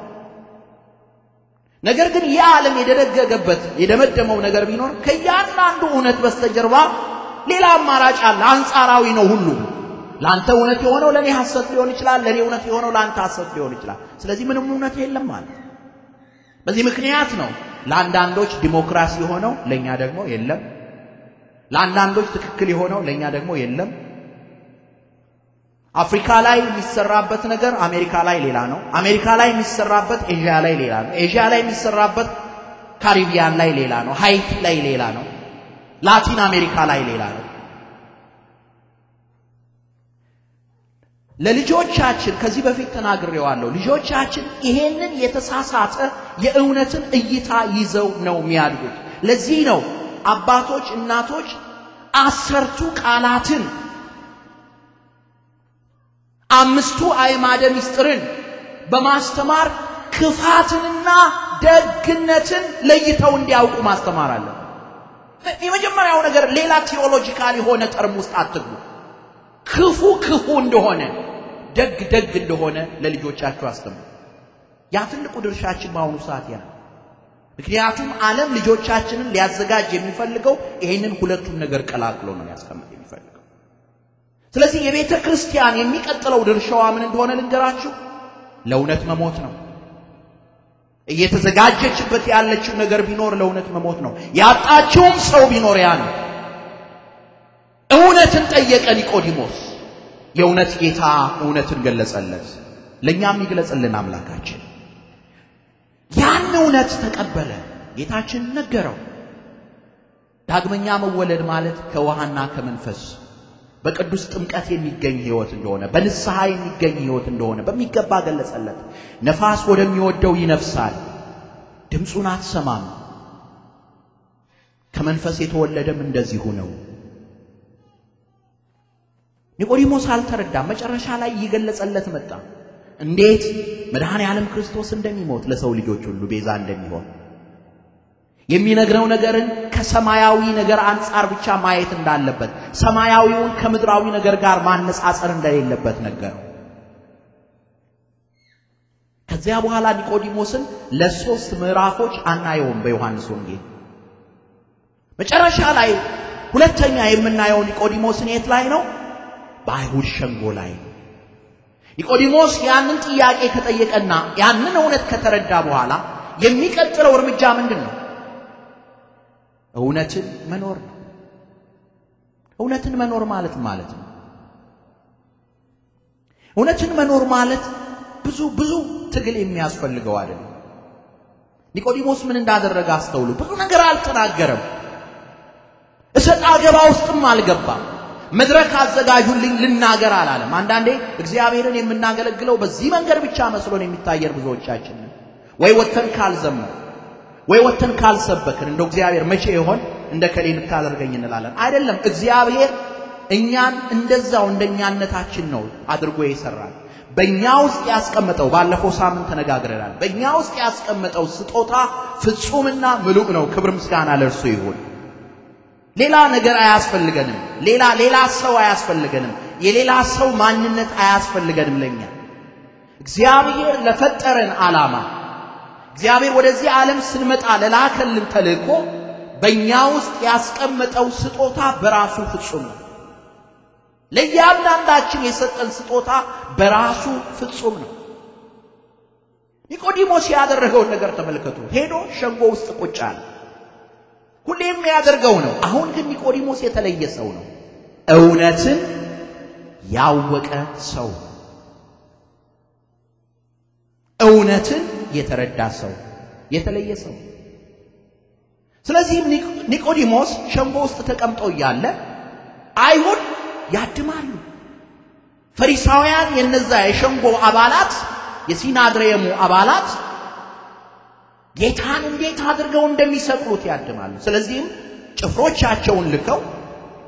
ነገር ግን ያ ዓለም የደነገገበት የደመደመው ነገር ቢኖር ከእያንዳንዱ እውነት በስተጀርባ ሌላ አማራጭ አለ። አንጻራዊ ነው ሁሉ። ለአንተ እውነት የሆነው ለእኔ ሐሰት ሊሆን ይችላል፣ ለእኔ እውነት የሆነው ለአንተ ሐሰት ሊሆን ይችላል። ስለዚህ ምንም እውነት የለም ማለት በዚህ ምክንያት ነው ለአንዳንዶች ዲሞክራሲ የሆነው ለእኛ ደግሞ የለም፣ ለአንዳንዶች ትክክል የሆነው ለእኛ ደግሞ የለም አፍሪካ ላይ የሚሰራበት ነገር አሜሪካ ላይ ሌላ ነው። አሜሪካ ላይ የሚሰራበት ኤዥያ ላይ ሌላ ነው። ኤዥያ ላይ የሚሰራበት ካሪቢያን ላይ ሌላ ነው። ሃይቲ ላይ ሌላ ነው። ላቲን አሜሪካ ላይ ሌላ ነው። ለልጆቻችን ከዚህ በፊት ተናግሬዋለሁ። ልጆቻችን ይሄንን የተሳሳተ የእውነትን እይታ ይዘው ነው የሚያድጉት። ለዚህ ነው አባቶች፣ እናቶች አሰርቱ ቃላትን አምስቱ አይማደ ምስጢርን በማስተማር ክፋትንና ደግነትን ለይተው እንዲያውቁ ማስተማር አለ። የመጀመሪያው ነገር ሌላ ቴዎሎጂካል የሆነ ተርም ውስጥ አትግቡ። ክፉ ክፉ እንደሆነ፣ ደግ ደግ እንደሆነ ለልጆቻችሁ አስተምሩ። ያ ትልቁ ድርሻችን በአሁኑ ሰዓት ያ ምክንያቱም ዓለም ልጆቻችንን ሊያዘጋጅ የሚፈልገው ይህንን ሁለቱን ነገር ቀላቅሎ ነው ሊያስቀምጥ የሚፈልገው። ስለዚህ የቤተ ክርስቲያን የሚቀጥለው ድርሻዋ ምን እንደሆነ ልንገራችሁ፣ ለእውነት መሞት ነው። እየተዘጋጀችበት ያለችው ነገር ቢኖር ለእውነት መሞት ነው። ያጣችውም ሰው ቢኖር ያ ነው። እውነትን ጠየቀ ኒቆዲሞስ። የእውነት ጌታ እውነትን ገለጸለት፣ ለእኛም ይግለጽልን አምላካችን። ያን እውነት ተቀበለ፣ ጌታችን ነገረው። ዳግመኛ መወለድ ማለት ከውሃና ከመንፈስ በቅዱስ ጥምቀት የሚገኝ ህይወት እንደሆነ፣ በንስሐ የሚገኝ ህይወት እንደሆነ በሚገባ ገለጸለት። ነፋስ ወደሚወደው ይነፍሳል፣ ድምፁን አትሰማም። ከመንፈስ የተወለደም እንደዚሁ ነው። ኒቆዲሞስ አልተረዳም። መጨረሻ ላይ እየገለጸለት መጣ። እንዴት መድኃኔ ዓለም ክርስቶስ እንደሚሞት ለሰው ልጆች ሁሉ ቤዛ እንደሚሆን የሚነግረው ነገርን ከሰማያዊ ነገር አንጻር ብቻ ማየት እንዳለበት ሰማያዊውን ከምድራዊ ነገር ጋር ማነጻጸር እንደሌለበት ነገር ከዚያ በኋላ ኒቆዲሞስን ለሶስት ምዕራፎች አናየውም በዮሐንስ ወንጌል። መጨረሻ ላይ ሁለተኛ የምናየው ኒቆዲሞስን የት ላይ ነው? በአይሁድ ሸንጎ ላይ ነው። ኒቆዲሞስ ያንን ጥያቄ ከጠየቀና ያንን እውነት ከተረዳ በኋላ የሚቀጥለው እርምጃ ምንድን ነው? እውነትን መኖር ነው። እውነትን መኖር ማለት ማለት ነው። እውነትን መኖር ማለት ብዙ ብዙ ትግል የሚያስፈልገው አይደለም። ኒቆዲሞስ ምን እንዳደረገ አስተውሉ። ብዙ ነገር አልተናገረም። እሰጥ አገባ ውስጥም አልገባም። መድረክ አዘጋጁልኝ ልናገር አላለም። አንዳንዴ እግዚአብሔርን የምናገለግለው በዚህ መንገድ ብቻ መስሎን የሚታየን ብዙዎቻችን ወይ ወተን ካልዘመር ወይ ወተን ካልሰበክን እንደው እግዚአብሔር መቼ ይሆን እንደ ከሌ ልታደርገኝ እንላለን። አይደለም እግዚአብሔር እኛን እንደዛው እንደኛነታችን ነው አድርጎ ይሰራል። በእኛ ውስጥ ያስቀመጠው ባለፈው ሳምንት ተነጋግረናል። በእኛ ውስጥ ያስቀመጠው ስጦታ ፍጹምና ምሉእ ነው። ክብር ምስጋና ለእርሱ ይሁን። ሌላ ነገር አያስፈልገንም። ሌላ ሌላ ሰው አያስፈልገንም። የሌላ ሰው ማንነት አያስፈልገንም። ለኛ እግዚአብሔር ለፈጠረን ዓላማ እግዚአብሔር ወደዚህ ዓለም ስንመጣ ለላከልን ተልእኮ በእኛ ውስጥ ያስቀመጠው ስጦታ በራሱ ፍጹም ነው። ለእያንዳንዳችን የሰጠን ስጦታ በራሱ ፍጹም ነው። ኒቆዲሞስ ያደረገውን ነገር ተመልከቱ። ሄዶ ሸንጎ ውስጥ ቁጭ አለ። ሁሌ የሚያደርገው ነው። አሁን ግን ኒቆዲሞስ የተለየ ሰው ነው። እውነትን ያወቀ ሰው እውነትን የተረዳ ሰው፣ የተለየ ሰው። ስለዚህም ኒቆዲሞስ ሸንጎ ውስጥ ተቀምጦ እያለ አይሁድ ያድማሉ። ፈሪሳውያን የነዛ የሸንጎ አባላት የሲናድሬሙ አባላት ጌታን እንዴት አድርገው እንደሚሰቅሉት ያድማሉ። ስለዚህም ጭፍሮቻቸውን ልከው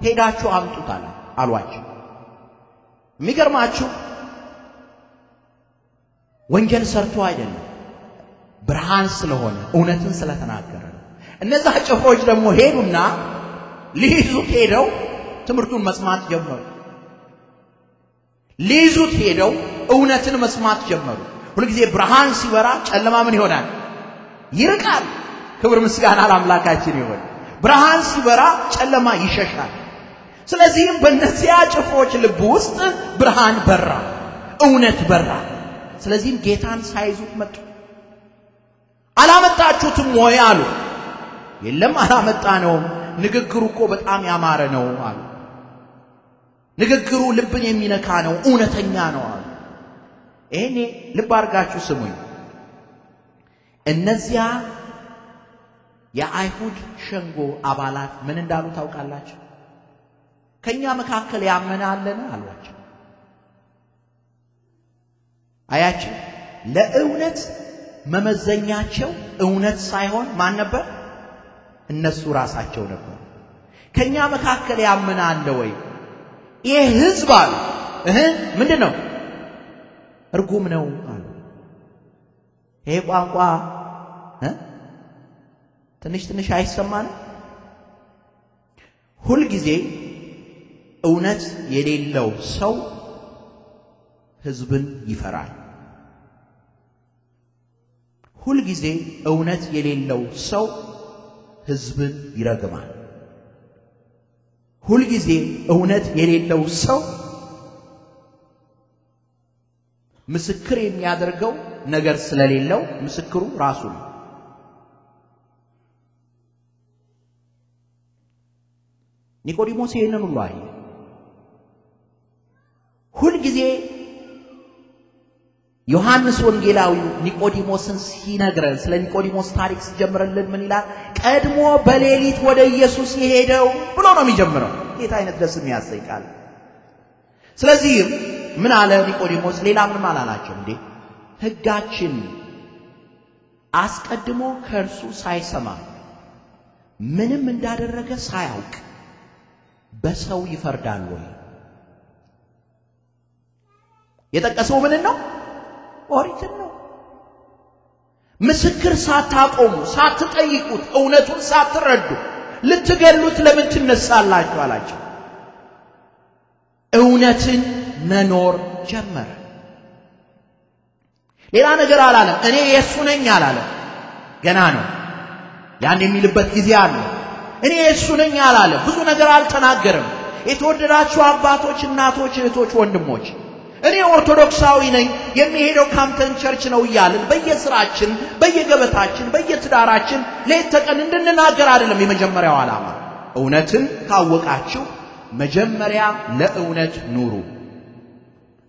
ሄዳችሁ አምጡታል አሏቸው። የሚገርማችሁ ወንጀል ሰርቶ አይደለም ብርሃን ስለሆነ እውነትን ስለተናገረ ነው። እነዛ ጭፍሮች ደግሞ ሄዱና ሊይዙት ሄደው ትምህርቱን መስማት ጀመሩ። ሊይዙት ሄደው እውነትን መስማት ጀመሩ። ሁልጊዜ ብርሃን ሲበራ ጨለማ ምን ይሆናል? ይርቃል። ክብር ምስጋና ለአምላካችን ይሆን። ብርሃን ሲበራ ጨለማ ይሸሻል። ስለዚህም በእነዚያ ጭፍሮች ልብ ውስጥ ብርሃን በራ፣ እውነት በራ። ስለዚህም ጌታን ሳይዙት መጡ። አላመጣችሁትም ወይ አሉ። የለም አላመጣነውም፣ ንግግሩ እኮ በጣም ያማረ ነው አሉ። ንግግሩ ልብን የሚነካ ነው፣ እውነተኛ ነው አሉ። ይሄኔ ልብ አድርጋችሁ ስሙኝ። እነዚያ የአይሁድ ሸንጎ አባላት ምን እንዳሉ ታውቃላችሁ? ከኛ መካከል ያመነ አለን አሏቸው። አያችሁ ለእውነት መመዘኛቸው እውነት ሳይሆን ማን ነበር? እነሱ ራሳቸው ነበር። ከኛ መካከል ያምን አለ ወይ? ይህ ህዝብ አሉ እህ ምንድን ነው እርጉም ነው አሉ። ይሄ ቋንቋ ትንሽ ትንሽ አይሰማንም? ሁልጊዜ እውነት የሌለው ሰው ህዝብን ይፈራል። ሁልጊዜ እውነት የሌለው ሰው ሕዝብን ይረግማል። ሁልጊዜ እውነት የሌለው ሰው ምስክር የሚያደርገው ነገር ስለሌለው ምስክሩ ራሱ ነው። ኒቆዲሞስ ይህንን ሁሉ አየ። ሁልጊዜ ዮሐንስ ወንጌላዊ ኒቆዲሞስን ሲነግረን ስለ ኒቆዲሞስ ታሪክ ሲጀምርልን ምን ይላል? ቀድሞ በሌሊት ወደ ኢየሱስ የሄደው ብሎ ነው የሚጀምረው። ጌታ አይነት ደስ የሚያሰኝ ቃል! ስለዚህም ምን አለ ኒቆዲሞስ? ሌላ ምንም አላላቸው። እንዴ ሕጋችን አስቀድሞ ከእርሱ ሳይሰማ ምንም እንዳደረገ ሳያውቅ በሰው ይፈርዳል ወይ? የጠቀሰው ምንን ነው? ኦሪትን ነው። ምስክር ሳታቆሙ ሳትጠይቁት እውነቱን ሳትረዱ ልትገሉት ለምን ትነሳላችሁ አላቸው። እውነትን መኖር ጀመረ። ሌላ ነገር አላለም። እኔ የእሱ ነኝ አላለም። ገና ነው። ያን የሚልበት ጊዜ አለ። እኔ የእሱ ነኝ አላለም። ብዙ ነገር አልተናገርም። የተወደዳችሁ አባቶች፣ እናቶች፣ እህቶች፣ ወንድሞች እኔ ኦርቶዶክሳዊ ነኝ የሚሄደው ካምተን ቸርች ነው እያልን በየስራችን፣ በየገበታችን፣ በየትዳራችን ሌት ተቀን እንድንናገር አይደለም የመጀመሪያው ዓላማ። እውነትን ካወቃችሁ መጀመሪያ ለእውነት ኑሩ።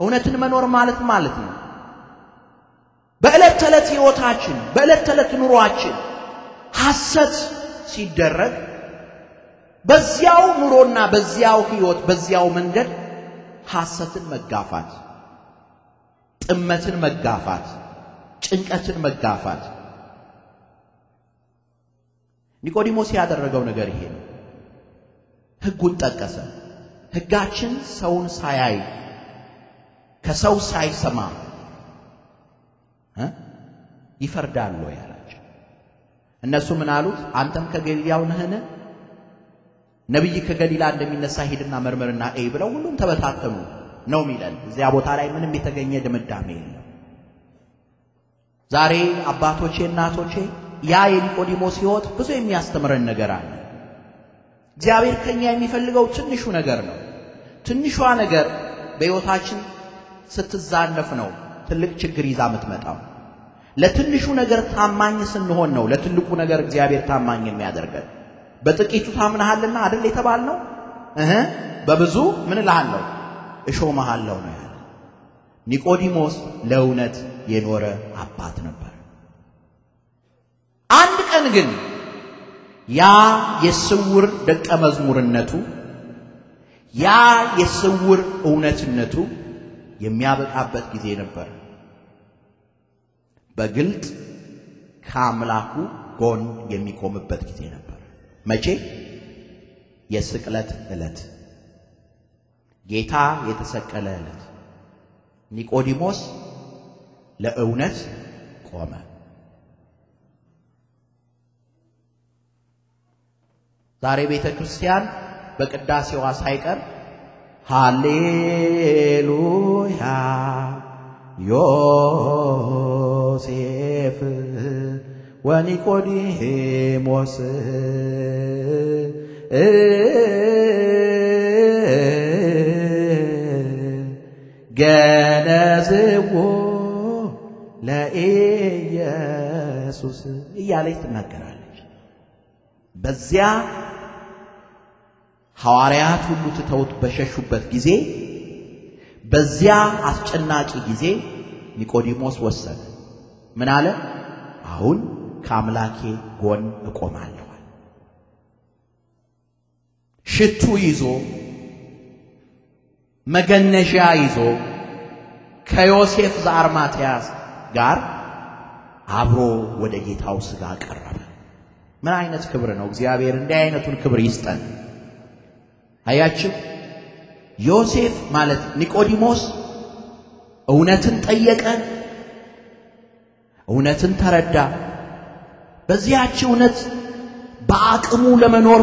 እውነትን መኖር ማለት ማለት ነው በዕለት ተዕለት ሕይወታችን፣ በዕለት ተዕለት ኑሯችን ሐሰት ሲደረግ በዚያው ኑሮና በዚያው ሕይወት በዚያው መንገድ ሐሰትን መጋፋት ጥመትን መጋፋት፣ ጭንቀትን መጋፋት። ኒቆዲሞስ ያደረገው ነገር ይሄ ነው። ሕጉን ጠቀሰ። ሕጋችን ሰውን ሳያይ ከሰው ሳይሰማ ይፈርዳሉ ወይ እነሱ ምን አሉት? አንተም ከገሊላው ነህን? ነቢይ ከገሊላ እንደሚነሳ ሂድና መርምርና እይ ብለው ሁሉም ተበታተኑ። ነው የሚለን። እዚያ ቦታ ላይ ምንም የተገኘ ድምዳሜ የለም። ዛሬ አባቶቼ እናቶቼ፣ ያ የኒቆዲሞስ ሕይወት ብዙ የሚያስተምረን ነገር አለ። እግዚአብሔር ከኛ የሚፈልገው ትንሹ ነገር ነው። ትንሿ ነገር በሕይወታችን ስትዛነፍ ነው ትልቅ ችግር ይዛ የምትመጣው። ለትንሹ ነገር ታማኝ ስንሆን ነው ለትልቁ ነገር እግዚአብሔር ታማኝ የሚያደርገን። በጥቂቱ ታምናሃልና አደል የተባልነው እ በብዙ ምን እልሃለሁ እሾመሃለሁ ነው ያለ። ኒቆዲሞስ ለእውነት የኖረ አባት ነበር። አንድ ቀን ግን ያ የስውር ደቀ መዝሙርነቱ ያ የስውር እውነትነቱ የሚያበቃበት ጊዜ ነበር። በግልጥ ከአምላኩ ጎን የሚቆምበት ጊዜ ነበር። መቼ? የስቅለት ዕለት ጌታ የተሰቀለ ዕለት ኒቆዲሞስ ለእውነት ቆመ። ዛሬ ቤተ ክርስቲያን በቅዳሴዋ ሳይቀር ሃሌሉያ ዮሴፍ ወኒቆዲሞስ ገነዝዎ ለኢየሱስ እያለች ትናገራለች። በዚያ ሐዋርያት ሁሉ ትተውት በሸሹበት ጊዜ በዚያ አስጨናቂ ጊዜ ኒቆዲሞስ ወሰነ። ምን አለ? አሁን ከአምላኬ ጎን እቆማለሁ። ሽቱ ይዞ መገነዣ ይዞ ከዮሴፍ ዘአርማትያስ ጋር አብሮ ወደ ጌታው ሥጋ ቀረበ። ምን አይነት ክብር ነው! እግዚአብሔር እንዲህ አይነቱን ክብር ይስጠን። አያችሁ ዮሴፍ ማለት ኒቆዲሞስ እውነትን ጠየቀ፣ እውነትን ተረዳ። በዚያች እውነት በአቅሙ ለመኖር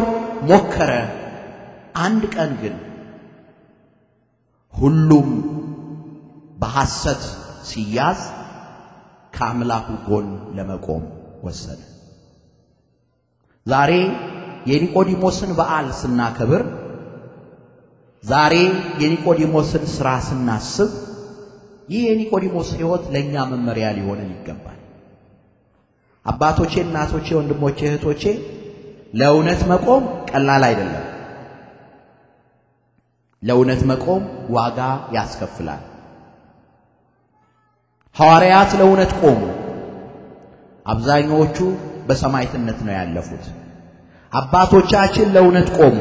ሞከረ። አንድ ቀን ግን ሁሉም በሐሰት ሲያዝ ከአምላኩ ጎን ለመቆም ወሰነ። ዛሬ የኒቆዲሞስን በዓል ስናከብር፣ ዛሬ የኒቆዲሞስን ሥራ ስናስብ፣ ይህ የኒቆዲሞስ ሕይወት ለእኛ መመሪያ ሊሆንን ይገባል። አባቶቼ፣ እናቶቼ፣ ወንድሞቼ፣ እህቶቼ ለእውነት መቆም ቀላል አይደለም። ለእውነት መቆም ዋጋ ያስከፍላል። ሐዋርያት ለእውነት ቆሙ። አብዛኛዎቹ በሰማዕትነት ነው ያለፉት። አባቶቻችን ለእውነት ቆሙ።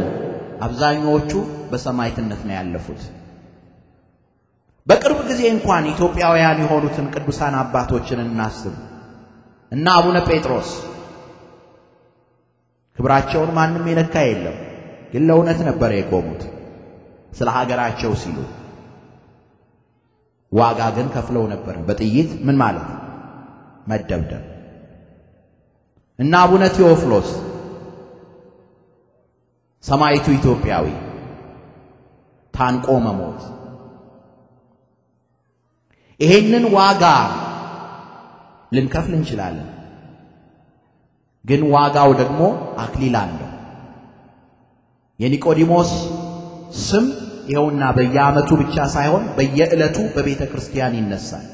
አብዛኛዎቹ በሰማዕትነት ነው ያለፉት። በቅርብ ጊዜ እንኳን ኢትዮጵያውያን የሆኑትን ቅዱሳን አባቶችን እናስብ እና አቡነ ጴጥሮስ ክብራቸውን ማንም የለካ የለም፣ ግን ለእውነት ነበር የቆሙት ስለ ሀገራቸው ሲሉ ዋጋ ግን ከፍለው ነበር። በጥይት ምን ማለት መደብደብ እና አቡነ ቴዎፍሎስ ሰማይቱ ኢትዮጵያዊ ታንቆ መሞት ይሄንን ዋጋ ልንከፍል እንችላለን። ግን ዋጋው ደግሞ አክሊል አለው። የኒቆዲሞስ ስም ይኸውና በየዓመቱ ብቻ ሳይሆን በየዕለቱ በቤተ ክርስቲያን ይነሳል።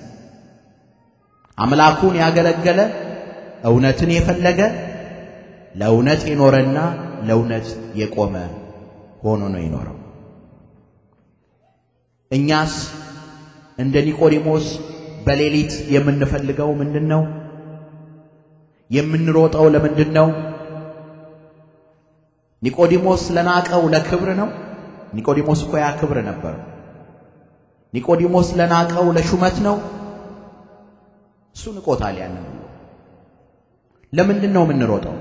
አምላኩን ያገለገለ እውነትን የፈለገ ለእውነት የኖረና ለእውነት የቆመ ሆኖ ነው የኖረው። እኛስ እንደ ኒቆዲሞስ በሌሊት የምንፈልገው ምንድን ነው? የምንሮጠው ለምንድን ነው? ኒቆዲሞስ ለናቀው ለክብር ነው። ኒቆዲሞስ እኮ ያ ክብር ነበር። ኒቆዲሞስ ለናቀው ለሹመት ነው። እሱ ንቆታል። ያንን ለምንድን ነው የምንሮጠው?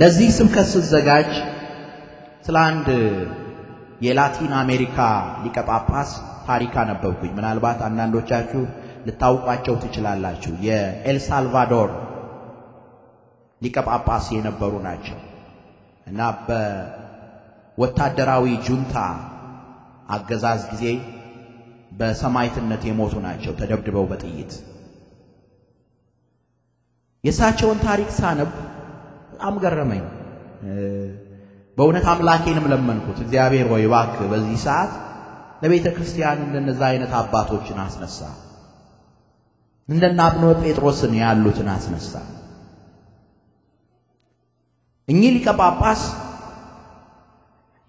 ለዚህ ስብከት ስዘጋጅ ስለ አንድ የላቲን አሜሪካ ሊቀ ጳጳስ ታሪክ አነበብኩኝ። ምናልባት አንዳንዶቻችሁ ልታውቋቸው ትችላላችሁ። የኤልሳልቫዶር ሊቀ ጳጳስ የነበሩ ናቸው። እና በወታደራዊ ጁንታ አገዛዝ ጊዜ በሰማይትነት የሞቱ ናቸው ተደብድበው በጥይት። የእሳቸውን ታሪክ ሳነብ በጣም ገረመኝ። በእውነት አምላኬንም ለመንኩት፣ እግዚአብሔር ወይ ባክ በዚህ ሰዓት ለቤተ ክርስቲያን እንደነዛ አይነት አባቶችን አስነሳ፣ እንደነ አቡነ ጴጥሮስን ያሉትን አስነሳ። እኚህ ሊቀ ጳጳስ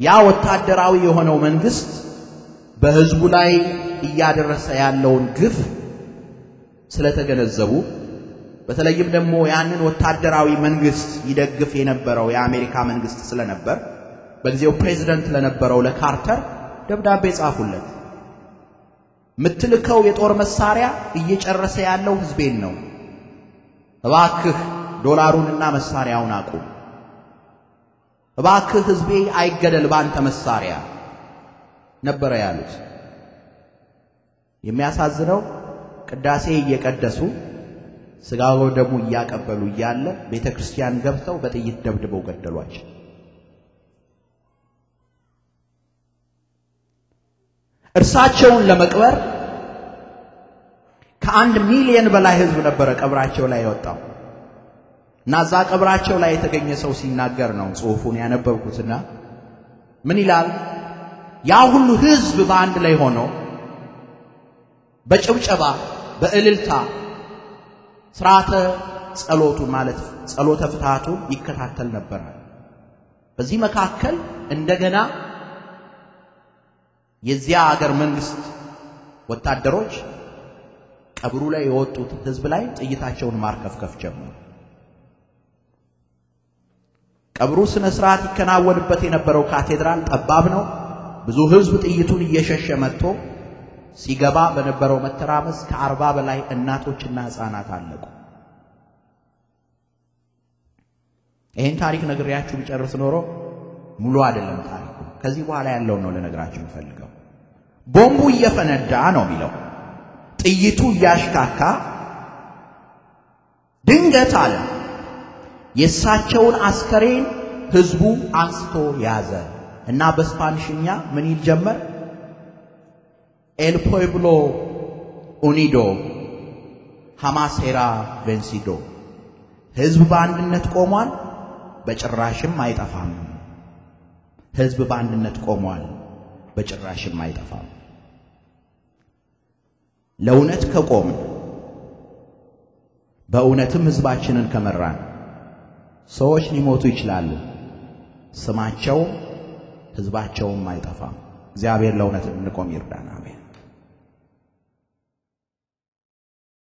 ያ ወታደራዊ የሆነው መንግስት በህዝቡ ላይ እያደረሰ ያለውን ግፍ ስለተገነዘቡ በተለይም ደግሞ ያንን ወታደራዊ መንግስት ይደግፍ የነበረው የአሜሪካ መንግስት ስለነበር በጊዜው ፕሬዝደንት ለነበረው ለካርተር ደብዳቤ ጻፉለት። ምትልከው የጦር መሳሪያ እየጨረሰ ያለው ህዝቤን ነው፣ እባክህ ዶላሩንና መሳሪያውን አቁም እባክህ ሕዝቤ አይገደል በአንተ መሳሪያ ነበረ ያሉት። የሚያሳዝነው ቅዳሴ እየቀደሱ ሥጋው ደሙ እያቀበሉ እያለ ቤተ ክርስቲያን ገብተው በጥይት ደብድበው ገደሏቸው። እርሳቸውን ለመቅበር ከአንድ ሚሊየን በላይ ሕዝብ ነበረ ቀብራቸው ላይ የወጣው። እና እዛ ቀብራቸው ላይ የተገኘ ሰው ሲናገር ነው ጽሑፉን ያነበብኩትና ምን ይላል? ያ ሁሉ ህዝብ በአንድ ላይ ሆኖ በጭብጨባ በእልልታ ስርዓተ ጸሎቱ ማለት ጸሎተ ፍትሃቱ ይከታተል ነበር። በዚህ መካከል እንደገና የዚያ አገር መንግስት ወታደሮች ቀብሩ ላይ የወጡት ህዝብ ላይ ጥይታቸውን ማርከፍከፍ ጀመሩ። ቀብሩ ስነ ስርዓት ይከናወንበት የነበረው ካቴድራል ጠባብ ነው። ብዙ ህዝብ ጥይቱን እየሸሸ መጥቶ ሲገባ በነበረው መተራመስ ከአርባ በላይ እናቶችና ህፃናት አለቁ። ይህን ታሪክ ነግሬያችሁ ቢጨርስ ኖሮ ሙሉ አይደለም ታሪኩ። ከዚህ በኋላ ያለውን ነው ልነግራችሁ የምፈልገው። ቦምቡ እየፈነዳ ነው የሚለው ጥይቱ እያሽካካ ድንገት አለ የእሳቸውን አስከሬን ህዝቡ አንስቶ ያዘ እና በስፓንሽኛ ምን ይል ጀመር? ኤል ፖይብሎ ኡኒዶ ሃማሴራ ቬንሲዶ። ህዝብ በአንድነት ቆሟል፣ በጭራሽም አይጠፋም። ህዝብ በአንድነት ቆሟል፣ በጭራሽም አይጠፋም። ለእውነት ከቆምን በእውነትም ህዝባችንን ከመራን ሰዎች ሊሞቱ ይችላሉ፣ ስማቸው ህዝባቸውም አይጠፋም። እግዚአብሔር ለእውነት እንቆም ይርዳና